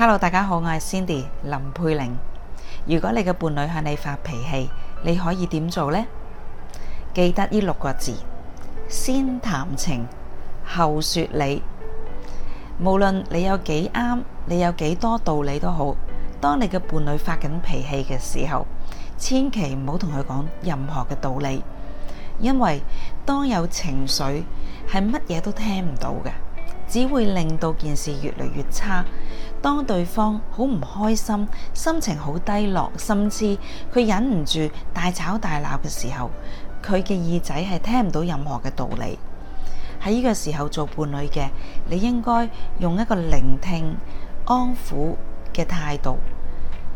Hello，大家好，我係 Cindy 林佩玲。如果你嘅伴侶向你發脾氣，你可以點做呢？記得呢六個字：先談情後說理。無論你有幾啱，你有幾多多道理都好，當你嘅伴侶發緊脾氣嘅時候，千祈唔好同佢講任何嘅道理，因為當有情緒係乜嘢都聽唔到嘅。只會令到件事越嚟越差。當對方好唔開心、心情好低落，甚至佢忍唔住大吵大鬧嘅時候，佢嘅耳仔係聽唔到任何嘅道理。喺呢個時候，做伴侶嘅，你應該用一個聆聽、安撫嘅態度，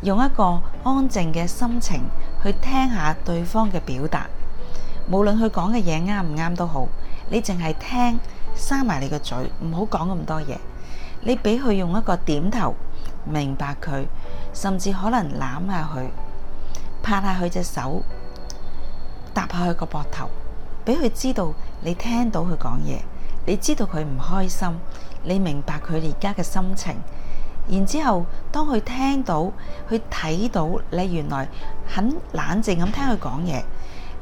用一個安靜嘅心情去聽下對方嘅表達。無論佢講嘅嘢啱唔啱都好，你淨係聽，閂埋你個嘴，唔好講咁多嘢。你俾佢用一個點頭明白佢，甚至可能攬下佢，拍下佢隻手，搭下佢個膊頭，俾佢知道你聽到佢講嘢，你知道佢唔開心，你明白佢而家嘅心情。然之後，當佢聽到，佢睇到你原來很冷靜咁聽佢講嘢。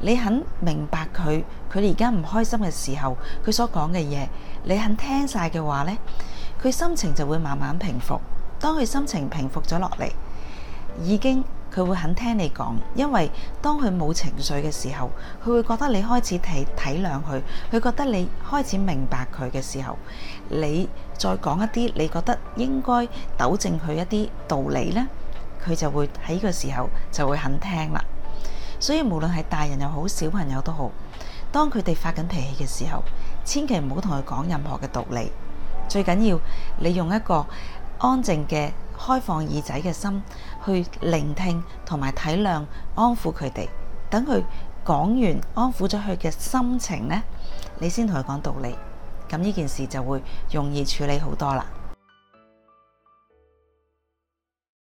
你肯明白佢，佢而家唔開心嘅時候，佢所講嘅嘢，你肯聽晒嘅話咧，佢心情就會慢慢平復。當佢心情平復咗落嚟，已經佢會肯聽你講，因為當佢冇情緒嘅時候，佢會覺得你開始體體諒佢，佢覺得你開始明白佢嘅時候，你再講一啲你覺得應該糾正佢一啲道理咧，佢就會喺個時候就會肯聽啦。所以無論係大人又好，小朋友都好，當佢哋發緊脾氣嘅時候，千祈唔好同佢講任何嘅道理。最緊要你用一個安靜嘅開放耳仔嘅心去聆聽同埋體諒安撫佢哋，等佢講完安撫咗佢嘅心情咧，你先同佢講道理，咁呢件事就會容易處理好多啦。